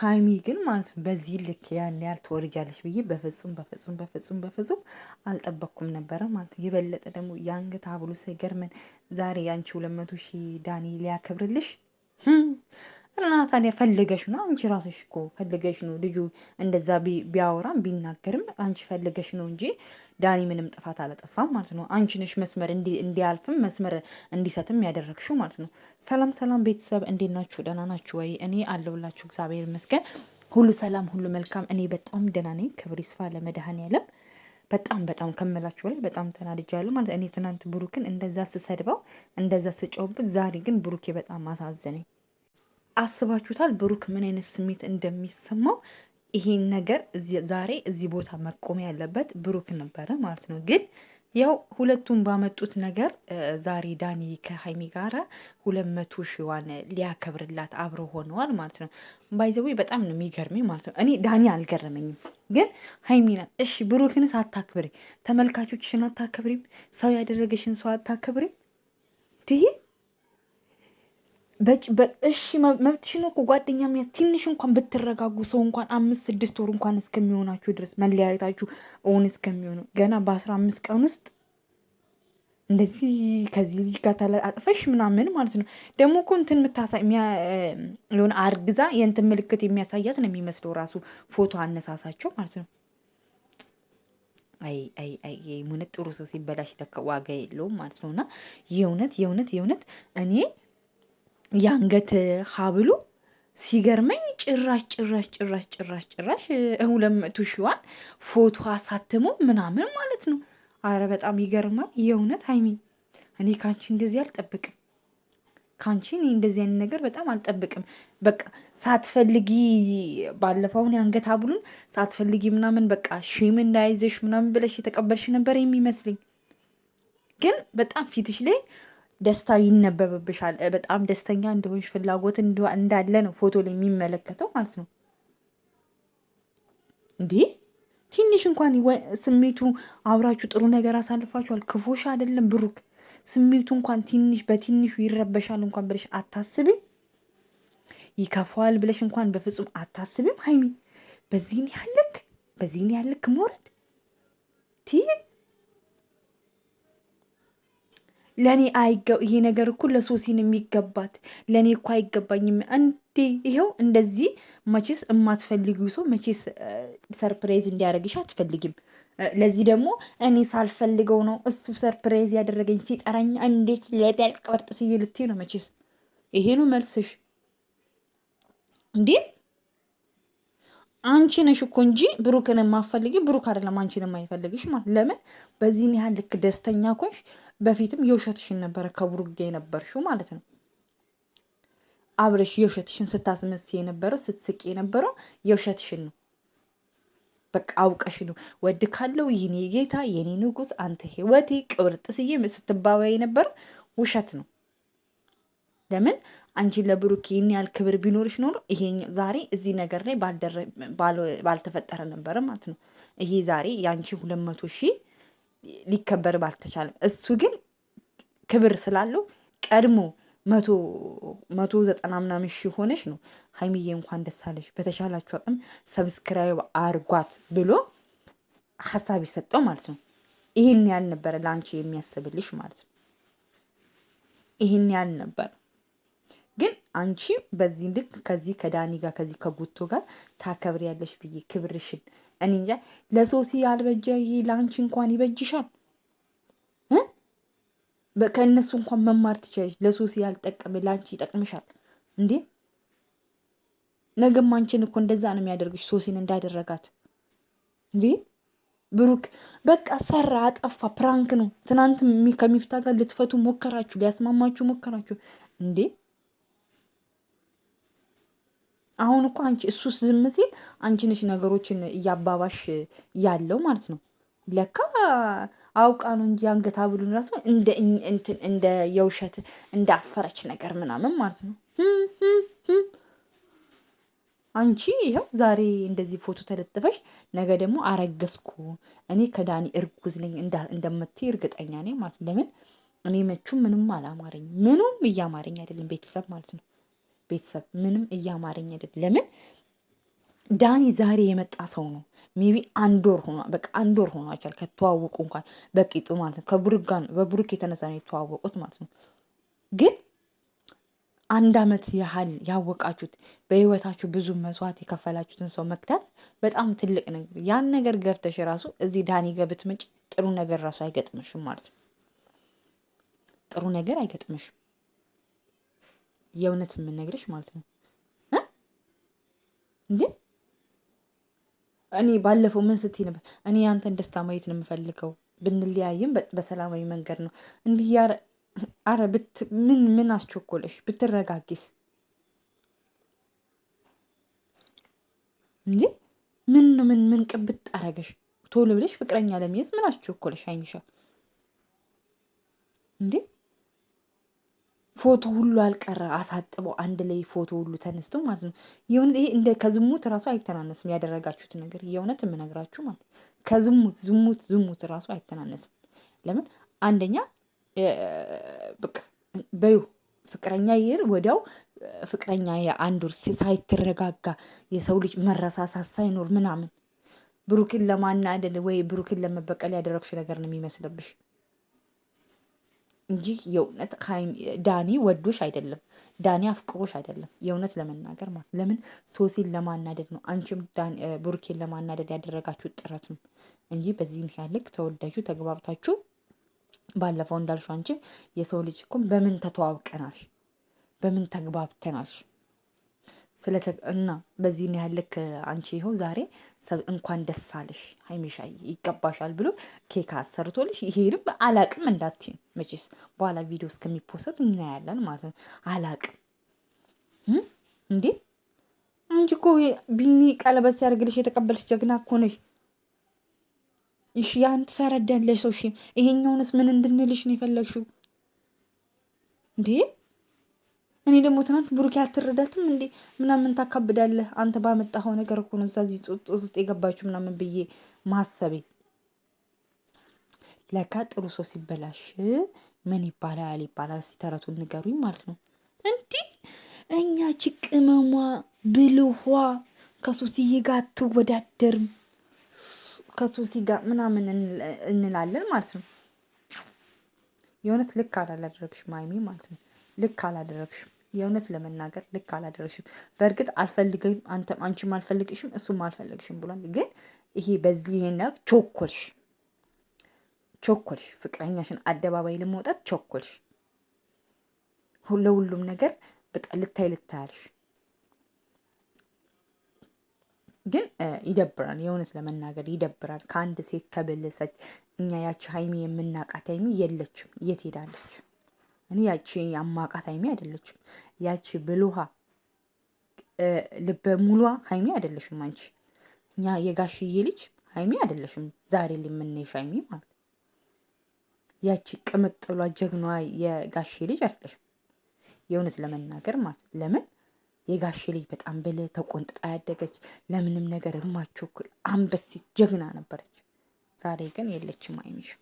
ሀይሚ ግን ማለት ነው በዚህ ልክ ያን ያህል ትወርጃለች ብዬ በፍጹም በፍጹም በፍጹም በፍጹም አልጠበቅኩም ነበረ ማለት ነው። የበለጠ ደግሞ የአንገት ሀብሉ ሲገርመን ዛሬ ያንቺ ሁለት መቶ ሺህ ዳኒ ሊያከብርልሽ እና ታዲያ ፈልገሽ ነው አንቺ ራስሽ እኮ ፈልገሽ ነው ልጁ እንደዛ ቢያወራም ቢናገርም አንቺ ፈልገሽ ነው እንጂ ዳኒ ምንም ጥፋት አላጠፋም ማለት ነው። አንቺ ነሽ መስመር እንዲያልፍም መስመር እንዲሰትም ያደረግሽው ማለት ነው። ሰላም ሰላም ቤተሰብ እንዴት ናችሁ? ደህና ናችሁ ወይ? እኔ አለሁላችሁ እግዚአብሔር ይመስገን፣ ሁሉ ሰላም፣ ሁሉ መልካም። እኔ በጣም ደህና ነኝ። ክብር ይስፋ ለመድኃኔዓለም። በጣም በጣም ከምላችሁ በላይ በጣም ተናድጃለሁ ማለት እኔ ትናንት ብሩክን እንደዛ ስሰድበው እንደዛ ስጨውብት፣ ዛሬ ግን ብሩኬ በጣም አሳዘነኝ። አስባችሁታል? ብሩክ ምን አይነት ስሜት እንደሚሰማው ይሄን ነገር ዛሬ እዚህ ቦታ መቆም ያለበት ብሩክ ነበረ ማለት ነው። ግን ያው ሁለቱም ባመጡት ነገር ዛሬ ዳኒ ከሀይሚ ጋራ ሁለት መቶ ሺዋን ሊያከብርላት አብረው ሆነዋል ማለት ነው። ባይዘዌ በጣም ነው የሚገርመኝ ማለት ነው። እኔ ዳኒ አልገረመኝም፣ ግን ሀይሚ ናት። እሺ ብሩክንስ አታክብሪ፣ ተመልካቾችሽን አታከብሪም፣ ሰው ያደረገሽን ሰው አታከብሪም። እሺ መብትሽን እኮ ጓደኛ ሚያዝ ትንሽ እንኳን ብትረጋጉ ሰው እንኳን አምስት ስድስት ወር እንኳን እስከሚሆናችሁ ድረስ መለያየታችሁ እውን እስከሚሆኑ ገና በአስራ አምስት ቀን ውስጥ እንደዚህ ከዚህ ልጅ ጋር ተለጣጥፈሽ ምናምን ማለት ነው። ደግሞ እኮ እንትን የምታሳይ የሆነ አርግዛ የእንትን ምልክት የሚያሳያት ነው የሚመስለው ራሱ ፎቶ አነሳሳቸው ማለት ነው። አይ አይ አይ የእውነት ጥሩ ሰው ሲበላሽ ለካ ዋጋ የለውም ማለት ነው። እና የእውነት የእውነት የእውነት እኔ የአንገት ሀብሉ ሲገርመኝ ጭራሽ ጭራሽ ጭራሽ ጭራሽ ጭራሽ ሁለት መቶ ሺዋን ፎቶ አሳትሞ ምናምን ማለት ነው። አረ በጣም ይገርማል የእውነት ሀይሚ፣ እኔ ከአንቺ እንደዚህ አልጠብቅም። ከአንቺ እኔ እንደዚህ አይነት ነገር በጣም አልጠብቅም። በቃ ሳትፈልጊ ባለፈውን የአንገት ሀብሉን ሳትፈልጊ ምናምን በቃ ሺም እንዳይዘሽ ምናምን ብለሽ የተቀበልሽ ነበር የሚመስለኝ ግን በጣም ፊትሽ ላይ ደስታ ይነበብብሻል። በጣም ደስተኛ እንደሆንሽ ፍላጎት እንዳለ ነው ፎቶ ላይ የሚመለከተው ማለት ነው። እንዲህ ትንሽ እንኳን ስሜቱ አብራችሁ ጥሩ ነገር አሳልፋችኋል። ክፉሽ አይደለም ብሩክ። ስሜቱ እንኳን ትንሽ በትንሹ ይረበሻል እንኳን ብለሽ አታስብም። ይከፋዋል ብለሽ እንኳን በፍጹም አታስብም። ሀይሚ በዚህን ያልክ በዚህን ያልክ መውረድ መውረድ ለእኔ ይሄ ነገር እኮ ለሶሲን የሚገባት ለእኔ እኮ አይገባኝም። እንዴ ይኸው እንደዚህ መቼስ የማትፈልጊው ሰው መቼስ ሰርፕራይዝ እንዲያደርግሽ አትፈልጊም። ለዚህ ደግሞ እኔ ሳልፈልገው ነው እሱ ሰርፕራይዝ ያደረገኝ ሲጠራኝ እንዴት ለቢያልቅ በርጥ ስዬ ነው መቼስ። ይሄኑ መልስሽ እንዴ? አንቺ ነሽ እኮ እንጂ ብሩክን የማፈልጊ ብሩክ አይደለም አንቺን የማይፈልግሽ ማለት ለምን በዚህን ያህል ልክ ደስተኛ ኮንሽ በፊትም የውሸትሽን ነበረ ከብሩክ ጋ የነበርሽው ማለት ነው አብረሽ የውሸትሽን ስታስመስ የነበረው ስትስቅ የነበረው የውሸትሽን ነው በቃ አውቀሽ ነው ወድ ካለው ይህኔ ጌታ የኔ ንጉስ አንተ ህይወቴ ቅብርጥስዬ ስትባባ የነበረው ውሸት ነው ለምን አንቺን ለብሩክ ይህን ያህል ክብር ቢኖርሽ ኖሮ ይሄ ዛሬ እዚህ ነገር ላይ ባልተፈጠረ ነበረ ማለት ነው። ይሄ ዛሬ የአንቺ ሁለት መቶ ሺህ ሊከበር ባልተቻለም፣ እሱ ግን ክብር ስላለው ቀድሞ መቶ ዘጠና ምናምን ሺህ ሆነሽ ነው ሀይሚዬ እንኳን ደስ አለሽ፣ በተሻላችሁ አቅም ሰብስክራይብ አርጓት ብሎ ሀሳብ የሰጠው ማለት ነው። ይህን ያህል ነበረ ለአንቺ የሚያስብልሽ ማለት ነው። ይህን ያህል ነበር። አንቺ በዚህ ልክ ከዚህ ከዳኒ ጋር ከዚህ ከጉቶ ጋር ያለሽ ብዬ ክብርሽን እኔ እንጃ ለሶሲ ያልበጀ ለአንቺ እንኳን ይበጅሻል። ከእነሱ እንኳን መማር ትችላለች። ለሶሲ ያልጠቀመ ለአንቺ ይጠቅምሻል እንዴ? ነገም አንቺን እኮ እንደዛ ነው የሚያደርግሽ ሶሲን እንዳደረጋት እንዴ? ብሩክ በቃ ሰራ፣ አጠፋ፣ ፕራንክ ነው። ትናንት ከሚፍታ ጋር ልትፈቱ ሞከራችሁ፣ ሊያስማማችሁ ሞከራችሁ እንዴ? አሁን እኮ አንቺ እሱስ ዝም ሲል አንቺ ነሽ ነገሮችን እያባባሽ ያለው ማለት ነው። ለካ አውቃ ነው እንጂ አንገታ ብሉን ራሱ እንደ እንትን እንደ የውሸት እንደ አፈረች ነገር ምናምን ማለት ነው። አንቺ ይኸው ዛሬ እንደዚህ ፎቶ ተለጥፈሽ ነገ ደግሞ አረገዝኩ እኔ ከዳኒ እርጉዝ ነኝ እንደምትይ እርግጠኛ ነኝ ማለት ነው። ለምን እኔ መቹ ምንም አላማረኝ፣ ምኑም እያማረኝ አይደለም ቤተሰብ ማለት ነው። ቤተሰብ ምንም እያማረኝ አይደል። ለምን ዳኒ ዛሬ የመጣ ሰው ነው። ሜቢ አንድ ወር ሆኗ በቃ አንድ ወር ሆኗቸዋል ከተዋወቁ እንኳን በቂጡ ማለት ነው። ከብሩክ ጋር በብሩክ የተነሳ ነው የተዋወቁት ማለት ነው። ግን አንድ አመት ያህል ያወቃችሁት በህይወታችሁ ብዙ መስዋዕት የከፈላችሁትን ሰው መክዳት በጣም ትልቅ ነገር። ያን ነገር ገብተሽ ራሱ እዚህ ዳኒ ገብት ብትመጪ ጥሩ ነገር ራሱ አይገጥምሽም ማለት ነው። ጥሩ ነገር አይገጥምሽም። የእውነት የምነግርሽ ማለት ነው እንዴ እኔ ባለፈው ምን ስትይ ነበር? እኔ ያንተን ደስታ ማየት ነው የምፈልገው፣ ብንለያይም በሰላማዊ መንገድ ነው እንዲህ። አረ ምን ምን አስቸኮለሽ? ብትረጋጊስ እንዴ ምን ምን ምን ቅብጥ አረገሽ? ቶሎ ብለሽ ፍቅረኛ ለመያዝ ምን አስቸኮለሽ? አይሚሻ እንዴ ፎቶ ሁሉ አልቀረ አሳጥበው አንድ ላይ ፎቶ ሁሉ ተነስቶ ማለት ነው። የእውነት ይሄ እንደ ከዝሙት ራሱ አይተናነስም ያደረጋችሁት ነገር የእውነት የምነግራችሁ ማለት ከዝሙት ዝሙት ዝሙት ራሱ አይተናነስም። ለምን አንደኛ በቃ በዩ ፍቅረኛ ይር ወዲያው ፍቅረኛ የአንድ ወር ሳይትረጋጋ የሰው ልጅ መረሳሳት ሳይኖር ምናምን ብሩክን ለማናደል ወይ ብሩክን ለመበቀል ያደረግሽ ነገር ነው የሚመስልብሽ። እንጂ የእውነት ዳኒ ወዶሽ አይደለም፣ ዳኒ አፍቅሮሽ አይደለም። የእውነት ለመናገር ማለት ለምን ሶሲን ለማናደድ ነው፣ አንቺም ቡርኬን ለማናደድ ያደረጋችሁ ጥረት ነው እንጂ በዚህ ምክንያት ልክ ተወዳጁ ተግባብታችሁ ባለፈው እንዳልሹ አንቺም የሰው ልጅ እኮ በምን ተተዋውቀናል፣ በምን ተግባብተናል እና በዚህን ያህል ልክ አንቺ ይኸው ዛሬ እንኳን ደስ አለሽ ሀይሚሻ ይገባሻል ብሎ ኬክ አሰርቶልሽ ይሄንም አላቅም እንዳትዪ መቼስ በኋላ ቪዲዮ እስከሚፖሰት እናያለን ማለት ነው። አላቅም እንዴ አንቺ እኮ ቢኒ ቀለበት ሲያደርግልሽ የተቀበልሽ ጀግና እኮ ነሽ። ያን ትሰረዳለሽ ሰው ይሄኛውንስ ምን እንድንልሽ ነው የፈለግሽው እንዴ? እኔ ደግሞ ትናንት ብሩኬ አትረዳትም እንዴ ምናምን ታካብዳለህ አንተ ባመጣኸው ነገር እኮ ነው እዛዚህ እዚህ ጦስ ውስጥ የገባችሁ ምናምን ብዬ ማሰቤ ለካ ጥሩ ሰው ሲበላሽ ምን ይባላል ይባላል። ሲተረቱን ንገሩኝ ማለት ነው። እንዲህ እኛ ችቅመሟ ብልኋ ከሱስዬ ጋር አትወዳደርም ከሶሲ ጋር ምናምን እንላለን ማለት ነው። የእውነት ልክ አላደረግሽም አይሚ ማለት ነው። ልክ አላደረግሽም። የእውነት ለመናገር ልክ አላደረግሽም። በእርግጥ አልፈልግም፣ አንተም አንቺም አልፈልግሽም፣ እሱም አልፈልግሽም ብሏል። ግን ይሄ በዚህ ይሄን ቾኮልሽ ቾኮልሽ ፍቅረኛሽን አደባባይ ለመውጣት ቾኮልሽ። ለሁሉም ነገር በቃ ልታይ ልታያልሽ። ግን ይደብራል፣ የእውነት ለመናገር ይደብራል። ከአንድ ሴት ከብልሰች እኛ ያቺ ሀይሚ የምናቃት ሀይሚ የለችም። የት ሄዳለች? እኔ ያቺ አማቃት ሀይሜ አይደለችም። ያቺ ብልሃ ልበ ሙሏ ሀይሜ አይደለሽም። አንቺ እኛ የጋሽዬ ልጅ ሀይሜ አይደለሽም። ዛሬ የምንሽ ሀይሜ ማለት ያቺ ቅምጥሏ ጀግኗ የጋሼ ልጅ አይደለሽም። የእውነት ለመናገር ማለት ለምን የጋሼ ልጅ በጣም ብል ተቆንጥጣ ያደገች ለምንም ነገር የማትቸኩል አንበሴት ጀግና ነበረች። ዛሬ ግን የለችም አይሚሽም።